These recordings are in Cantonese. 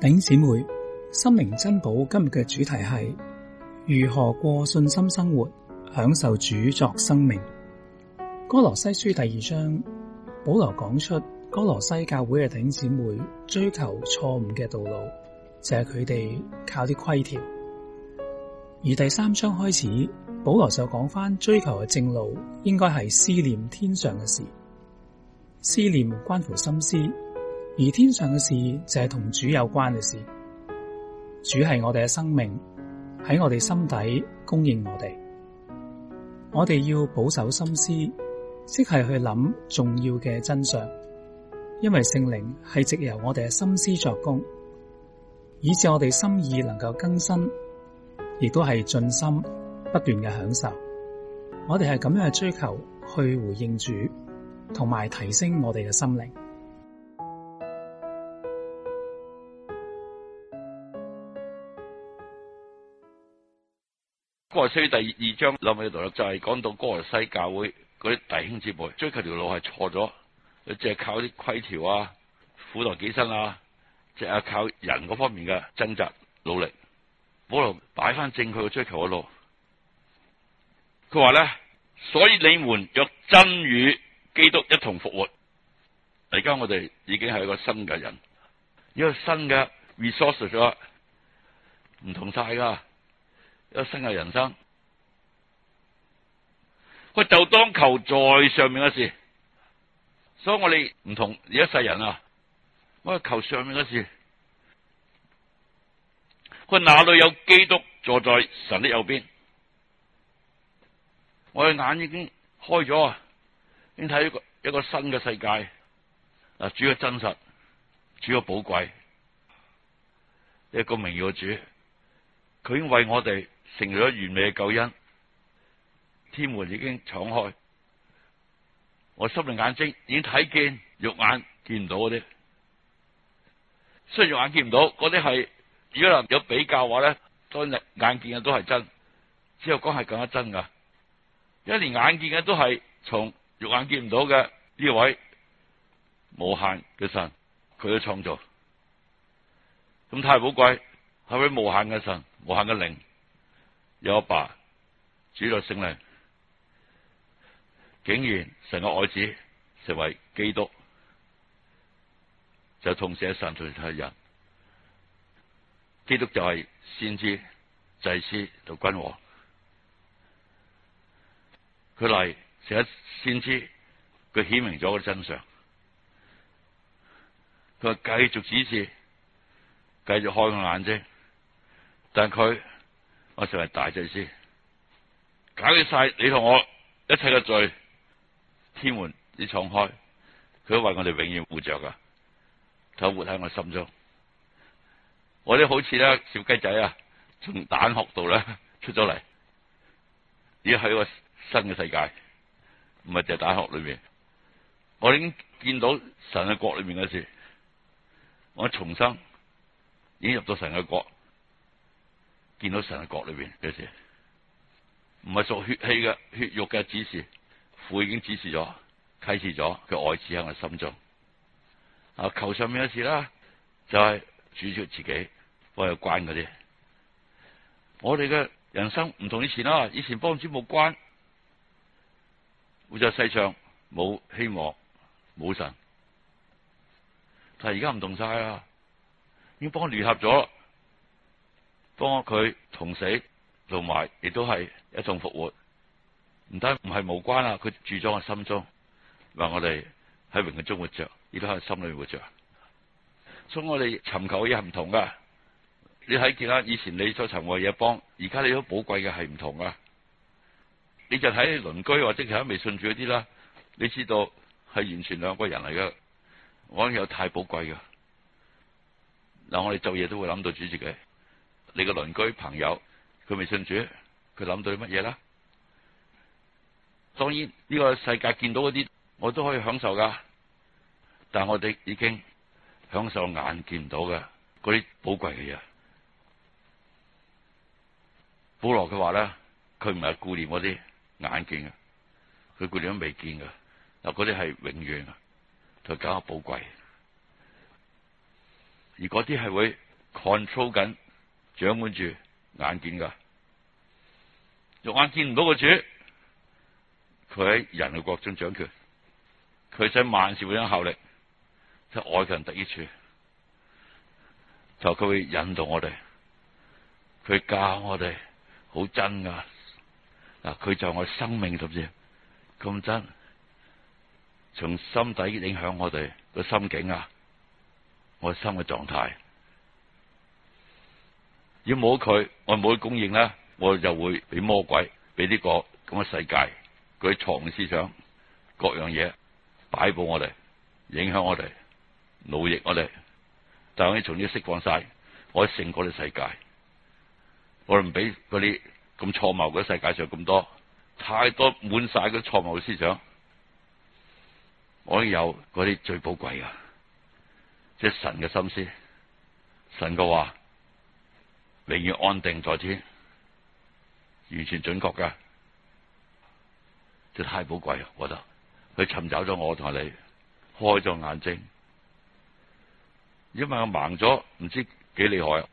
頂姊妹，心靈珍寶今日嘅主題係如何過信心生活，享受主作生命。哥羅西書第二章，保羅講出哥羅西教會嘅頂姊妹追求錯誤嘅道路，就係佢哋靠啲規條。而第三章開始，保羅就講返追求嘅正路，應該係思念天上嘅事，思念關乎心思。而天上嘅事就係同主有關嘅事，主係我哋嘅生命喺我哋心底供應我哋，我哋要保守心思，即係去諗重要嘅真相，因為聖靈係藉由我哋嘅心思作工，以致我哋心意能夠更新，亦都係盡心不斷嘅享受。我哋係咁樣去追求，去回應主，同埋提升我哋嘅心靈。哥羅西第二章諗起度啦，就係、是、講到哥羅西教會嗰啲弟兄姊妹追求條路係錯咗，淨係靠啲規條啊、苦待己身啊，淨係靠人嗰方面嘅掙扎努力，保羅擺翻正佢嘅追求嘅路。佢話咧，所以你們若真與基督一同復活，而家我哋已經係一個新嘅人，一個新嘅 resource 咗，唔同晒噶。一生嘅人生，佢就當求在上面嘅事，所以我哋唔同而家世人啊，我哋求上面嘅事。佢哪裏有基督坐在神的右邊，我嘅眼已經開咗啊，已經睇一個一個新嘅世界。啊，主嘅真實，主嘅寶貴，一個榮耀主，佢已經為我哋。成咗完美嘅救恩，天門已經敞開，我心靈眼睛已經睇見，肉眼見唔到嗰啲，雖然肉眼見唔到，嗰啲係如果有比較話咧，當日眼見嘅都係真，只為光係更加真噶，因為連眼見嘅都係從肉眼見唔到嘅呢位無限嘅神，佢都創造咁太寶貴，係位無限嘅神，無限嘅靈。有阿爸主就聖靈，竟然成個愛子，成為基督，就同時神同太人，基督就係先知、祭司到君王，佢嚟寫先知，佢顯明咗真相，佢繼續指示，繼續開佢眼睛，但佢。我成為大祭司，解決晒你同我一切嘅罪，天門已敞開，佢都為我哋永遠護着噶，佢活喺我心中。我啲好似咧小雞仔啊，從蛋殼度咧出咗嚟，已經喺個新嘅世界，唔係隻蛋殼裏面，我已經見到神嘅國裏面嘅事，我重生，已經入到神嘅國。見到神嘅國裏邊有時，唔係屬血氣嘅血肉嘅指示，父已經指示咗、啟示咗，佢愛子喺我心中。啊，求上面嘅事啦，就係、是、主出自己我有關嗰啲。我哋嘅人生唔同以前啦，以前幫主冇關，活在世上冇希望、冇神。但係而家唔同晒啦，已經幫聯合咗。幫佢同死同埋，亦都係一種復活。唔單唔係無關啊，佢住咗我心中，話我哋喺榮嘅中活着，亦都喺心裏邊活着。所以我哋尋求嘅嘢係唔同噶。你睇見啦，以前你所尋求嘢幫，而家你都寶貴嘅係唔同啊。你就睇鄰居或者其他未信主嗰啲啦，你知道係完全兩個人嚟噶。我有太寶貴噶。嗱，我哋做嘢都會諗到主席嘅。你嘅鄰居朋友，佢未信主，佢諗到啲乜嘢啦？當然呢個世界見到嗰啲，我都可以享受噶。但係我哋已經享受眼見唔到嘅嗰啲寶貴嘅嘢。保羅佢話啦，佢唔係顧念嗰啲眼見嘅，佢顧念都未見嘅嗱，嗰啲係永遠啊，就搞下寶貴。而嗰啲係會 control 緊。掌管住眼見噶，肉眼見唔到個主，佢喺人類國中掌權，佢使萬事互相效力，即係外強敵于處，就佢會引導我哋，佢教我哋好真噶，嗱佢就係我生命，係咪先咁真？從心底影響我哋個心境啊，我心嘅狀態。要冇佢，我冇供應咧，我就會俾魔鬼俾呢個咁嘅世界啲錯謬嘅思想，各樣嘢擺布我哋，影響我哋，奴役我哋。但係我哋從呢啲釋放晒，我勝過嘅世界。我唔俾嗰啲咁錯謬嘅世界上咁多太多滿晒嗰啲錯謬嘅思想。我有嗰啲最寶貴嘅，即係神嘅心思，神嘅話。永遠安定在天，完全準確嘅，就太寶貴啦！我覺得佢尋找咗我同你，開咗眼睛，因為我盲咗，唔知幾厲害，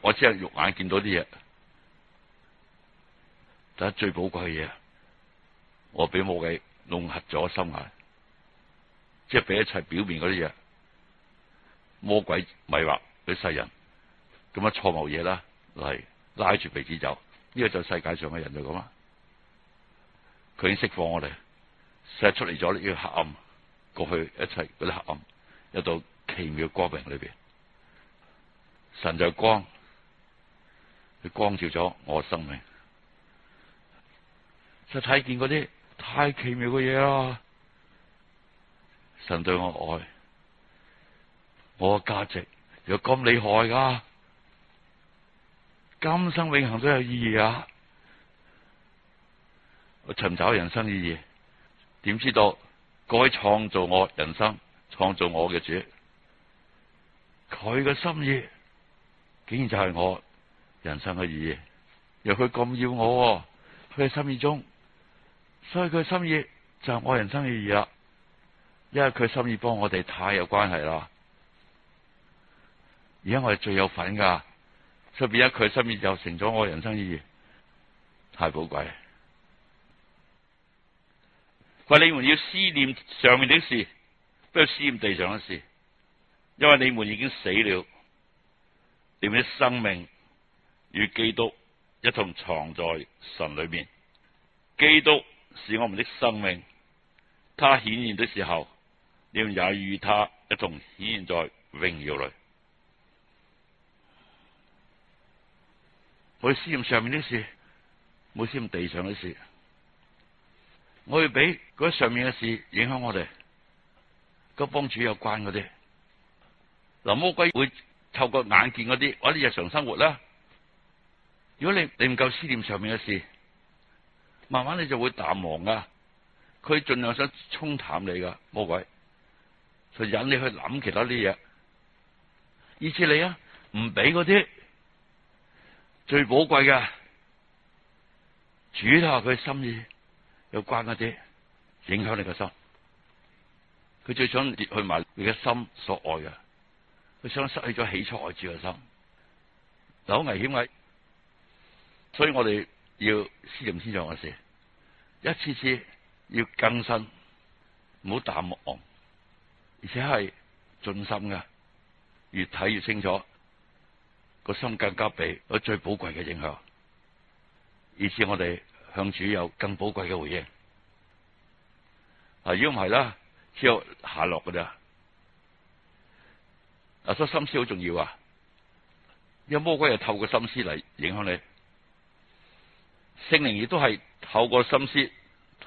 我只係肉眼見到啲嘢，但最寶貴嘅嘢，我俾魔鬼弄合咗心眼，即係俾一切表面嗰啲嘢魔鬼迷惑啲世人。咁樣錯謬嘢啦，嚟、就是、拉住鼻子走，呢個就世界上嘅人就咁啦。佢已經釋放我哋，釋放出嚟咗呢個黑暗，過去一切嗰啲黑暗，一到奇妙光明裏邊。神就光，佢光照咗我生命，就睇見嗰啲太奇妙嘅嘢啦。神對我愛，我嘅價值有咁厲害㗎。今生永恆都有意義啊！我尋找人生意義，點知道？該創造我人生、創造我嘅主，佢嘅心意竟然就係我人生嘅意義。若佢咁要我，佢嘅心意中，所以佢嘅心意就係我人生嘅意義啦。因為佢嘅心意幫我哋太有關係啦。而家我係最有份噶。出邊一佢身邊就成咗我人生意義，太寶貴。佢話，你們要思念上面的事，不要思念地上嘅事，因為你們已經死了，你們的生命與基督一同藏在神裡面。基督是我們的生命，他顯現的時候，你們也與他一同顯現在榮耀裡。會思念上面啲事，冇思念地上啲事。我會俾嗰上面嘅事影響我哋，跟幫主有關嗰啲。嗱，魔鬼會透過眼見嗰啲，或者日常生活啦。如果你你唔夠思念上面嘅事，慢慢你就會淡忘㗎。佢盡量想沖淡你㗎魔鬼，就引你去諗其他啲嘢，意似你啊，唔俾嗰啲。最寶貴嘅，主下係佢心意有關嗰啲，影響你個心。佢最想結去埋你嘅心所愛嘅，佢想失去咗起初愛主嘅心。有危險位，所以我哋要思念上面嘅事，一次次要更新，唔好淡忘，而且係盡心嘅，越睇越清楚。個心更加俾個最寶貴嘅影響，以致我哋向主有更寶貴嘅回應。啊，如果唔係啦，只有下落噶啦。啊，所以心思好重要啊！因為魔鬼係透過心思嚟影響你，聖靈亦都係透過心思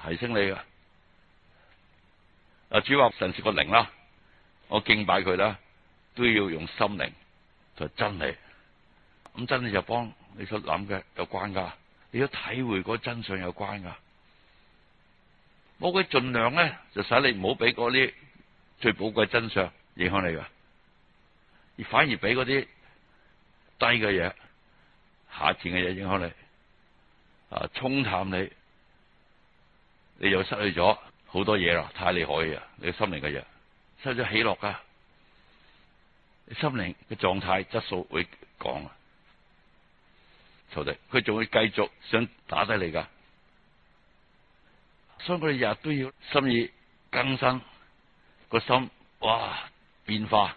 提升你噶。啊，主話神是個靈啦，我敬拜佢啦，都要用心靈，就係真理。咁真你就幫你所諗嘅有關噶，你要體會嗰真相有關噶。我會盡量咧就使你唔好俾嗰啲最寶貴真相影響你噶，而反而俾嗰啲低嘅嘢、下賤嘅嘢影響你，啊沖淡你，你又失去咗好多嘢咯，太厲害呀，你心靈嘅嘢，失去咗喜樂噶，你心靈嘅狀態質素會降啊。徒弟，佢仲會繼續想打低你噶，所以佢日日都要心意更生。個心哇變化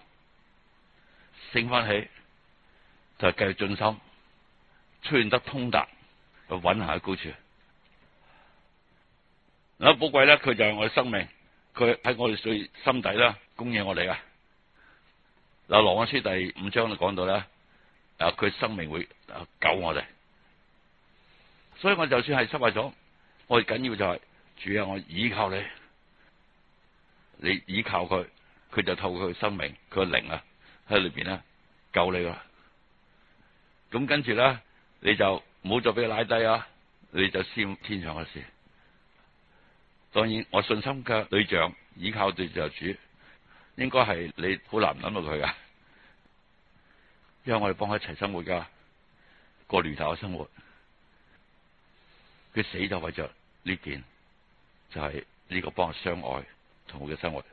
升翻起，就繼續進心，出現得通達，去揾下高處。嗱，寶貴咧，佢就係我嘅生命，佢喺我哋最心底啦，供應我哋啊。嗱，羅安書第五章就講到咧。啊！佢生命會救我哋，所以我就算係失敗咗，我哋緊要就係主啊！我依靠你，你依靠佢，佢就透過佢生命，佢靈啊喺裏邊啦，救你啦、啊。咁跟住咧，你就唔好再俾佢拉低啊！你就先天上嘅事。當然，我信心嘅對象，依靠對象就主，應該係你好難諗到佢噶。因為我哋幫佢一齊生活，過聯合嘅生活，佢死都係就為著呢件，就係呢個幫我相愛同佢嘅生活。